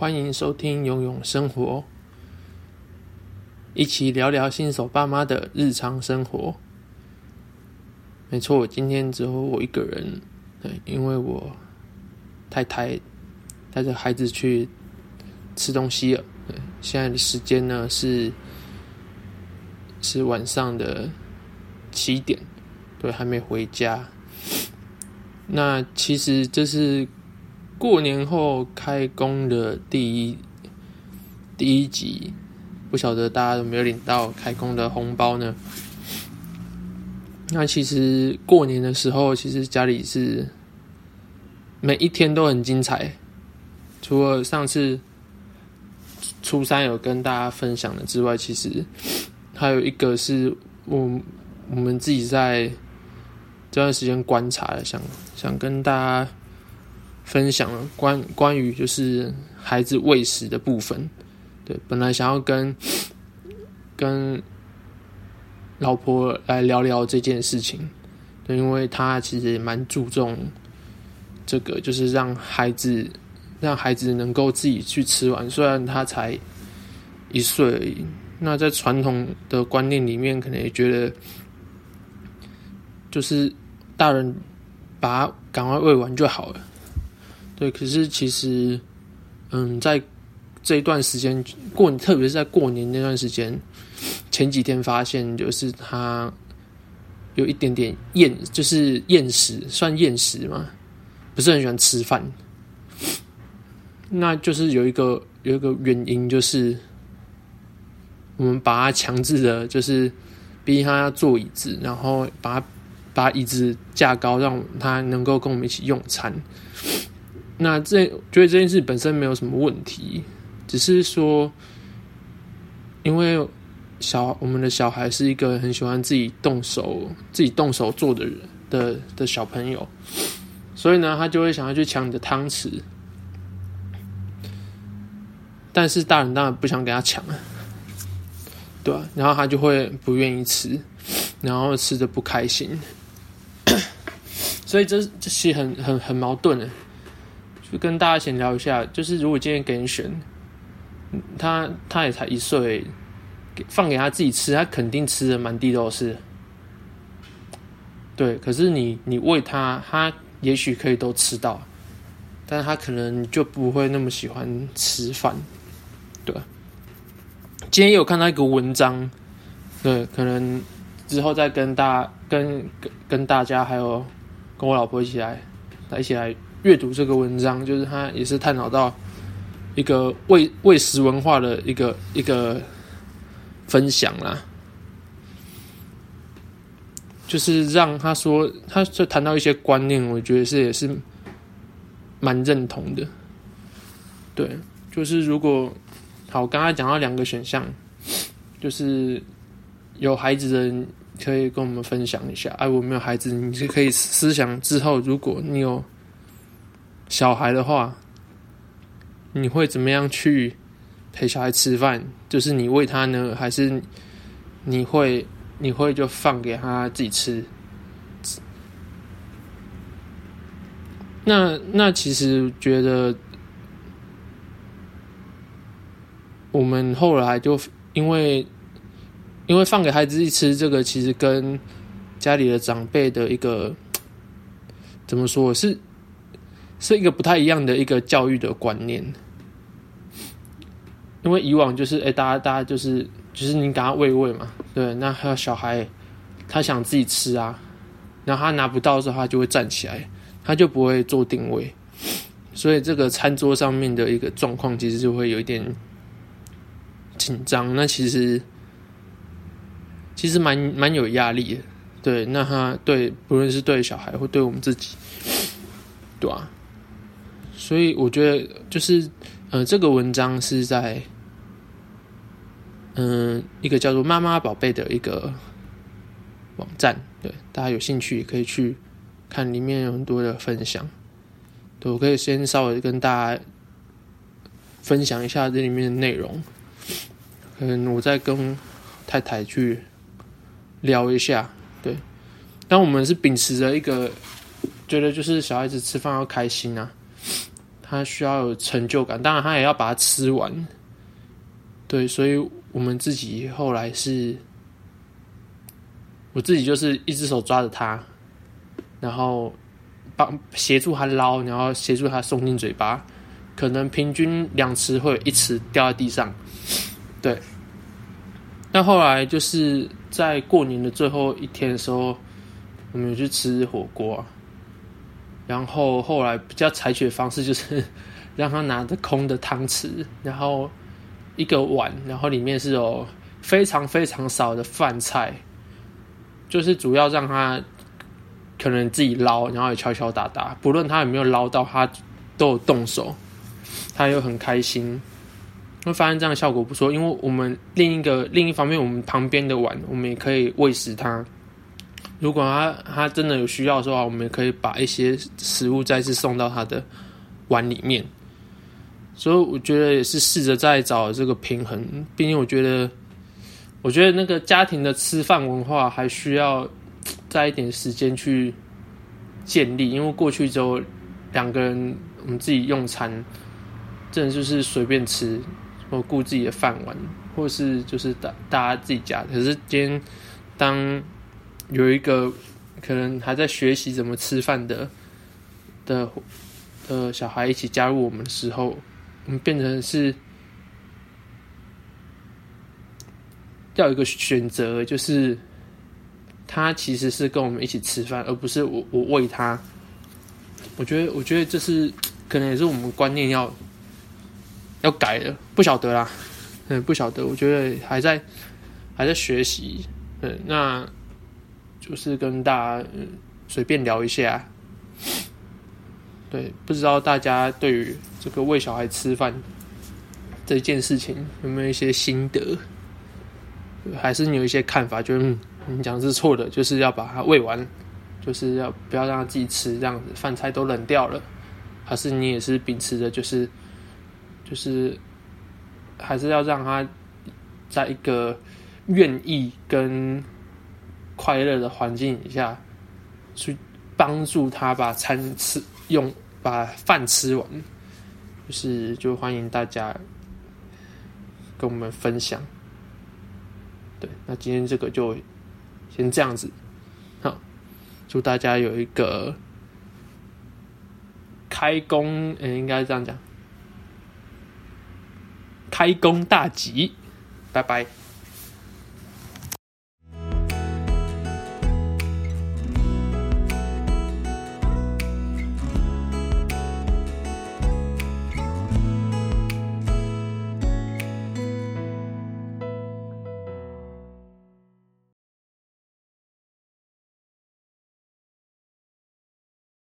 歡迎收聽《永詠生活》，一起聊聊新手爸媽的日常生活。沒錯，我今天只有我一個人，對，因為我太太帶着孩子去吃東西了。對，現在的時間呢是是晚上的七點，對，還沒回家。那其實這是過年後開工的第一，第一集，不曉得大家有沒有領到開工的紅包呢？那其實過年的時候，其實家裡是每一天都很精彩。除了上次初三有跟大家分享的之外，其實還有一個是我們我們自己在這段時間觀察的，想想跟大家。分享了關關於就是孩子餵食的部分，對，本來想要跟跟老婆來聊聊這件事情，對，因為她其實也蠻注重這個，就是讓孩子讓孩子能夠自己去吃完，雖然他才一歲而已，那在傳統的觀念裡面，可能也覺得就是大人把他趕快餵完就好了。對，可是其實，嗯，在這一段時間過，特別是在過年那段時間，前幾天發現就是他有一點點厭，就是厭食，算厭食嘛，不是很喜歡吃飯。那就是有一個有一個原因，就是我們把他強制的，就是逼他坐椅子，然後把他把椅子架高，讓他能夠跟我們一起用餐。那這覺得這件事本身沒有什麼問題，只是說，因為小我們的小孩是一個很喜歡自己動手自己動手做的人的的小朋友，所以呢，他就會想要去搶你的湯匙，但是大人當然不想給他搶了，對啊，然後他就會不願意吃，然後吃得不開心， 所以這這是很很很矛盾的。就跟大家閒聊一下，就是如果今天給你選，他他也才一歲，欸，放給他自己吃，他肯定吃的滿地都是。對，可是你你餵他，他也許可以都吃到，但是他可能就不會那麼喜歡吃飯。對，今天也有看到一個文章，對，可能之後再跟大跟跟跟大家還有跟我老婆一起來，來一起來。閱讀這個文章，就是他也是探討到一個餵餵食文化的一個一個分享啦，就是讓他說，他就談到一些觀念，我覺得是也是蠻認同的。對，就是如果，好，剛才講到兩個選項，就是有孩子的人可以跟我們分享一下，哎、啊，我沒有孩子，你是可以思想之後，如果你有。小孩的話，你會怎麼樣去陪小孩吃飯？就是你喂他呢，還是你會你會就放給他自己吃？那那其實覺得，我們後來就因為因為放給孩子自己吃，這個其實跟家裡的長輩的一個怎麼說是？是一個不太一樣的一個教育的觀念，因為以往就是，哎、欸，大家大家就是，就是你給他餵餵嘛，對，那他小孩，他想自己吃啊，然後他拿不到的時候，他就會站起來，他就不會做定位，所以這個餐桌上面的一個狀況，其實就會有一點緊張，那其實其實蠻蠻有壓力的，對，那他對，不論是對小孩或對我們自己，對啊。所以我覺得就是，呃，這個文章是在，嗯、呃，一個叫做“媽媽寶貝”的一個網站，對，大家有興趣也可以去看，裡面有很多的分享。對，我可以先稍微跟大家分享一下這裡面的內容。嗯，我再跟太太去聊一下。對，但我們是秉持着一個覺得就是小孩子吃飯要開心啊。他需要有成就感，當然他也要把它吃完。對，所以我們自己後來是，我自己就是一隻手抓着他，然後幫協助他撈，然後協助他送進嘴巴。可能平均兩次會有一次掉在地上，對。但後來就是在過年的最後一天的時候，我們有去吃火鍋啊。然後後來比較採取的方式就是，讓他拿着空的湯匙，然後一個碗，然後裡面是有非常非常少的飯菜，就是主要讓他可能自己撈，然後也敲敲打打，不論他有沒有撈到，他都有動手，他又很開心，會發現這樣的效果不錯。因為我們另一個另一方面，我們旁邊的碗，我們也可以餵食它。如果他他真的有需要的話，我們也可以把一些食物再次送到他的碗裡面。所以我覺得也是試着在找這個平衡。畢竟我覺得，我覺得那個家庭的吃飯文化還需要再一點時間去建立。因為過去只有，兩個人我們自己用餐，真的就是隨便吃，我顧自己的飯碗，或是就是大大家自己夾。可是今天當有一個可能還在學習怎麼吃飯的的的小孩一起加入我們的時候，我們變成是要有一個選擇，就是他其實是跟我們一起吃飯，而不是我我餵他。我覺得，我覺得這是可能也是我們觀念要要改的。不曉得啦，嗯，不曉得。我覺得還在還在學習，嗯，那。就是跟大家隨、嗯、便聊一下，對，不知道大家對於這個餵小孩吃飯這件事情有沒有一些心得，還是你有一些看法？就、嗯、你講是錯的，就是要把它餵完，就是要不要讓他自己吃，這樣子飯菜都冷掉了。還是你也是秉持的、就是，就是就是還是要讓他在一個願意跟。快樂的環境一下，去幫助他把餐吃，用把飯吃完，就是就歡迎大家跟我們分享。對，那今天這個就先這樣子，好，祝大家有一個開工，嗯、欸，應該這樣講，開工大吉，拜拜。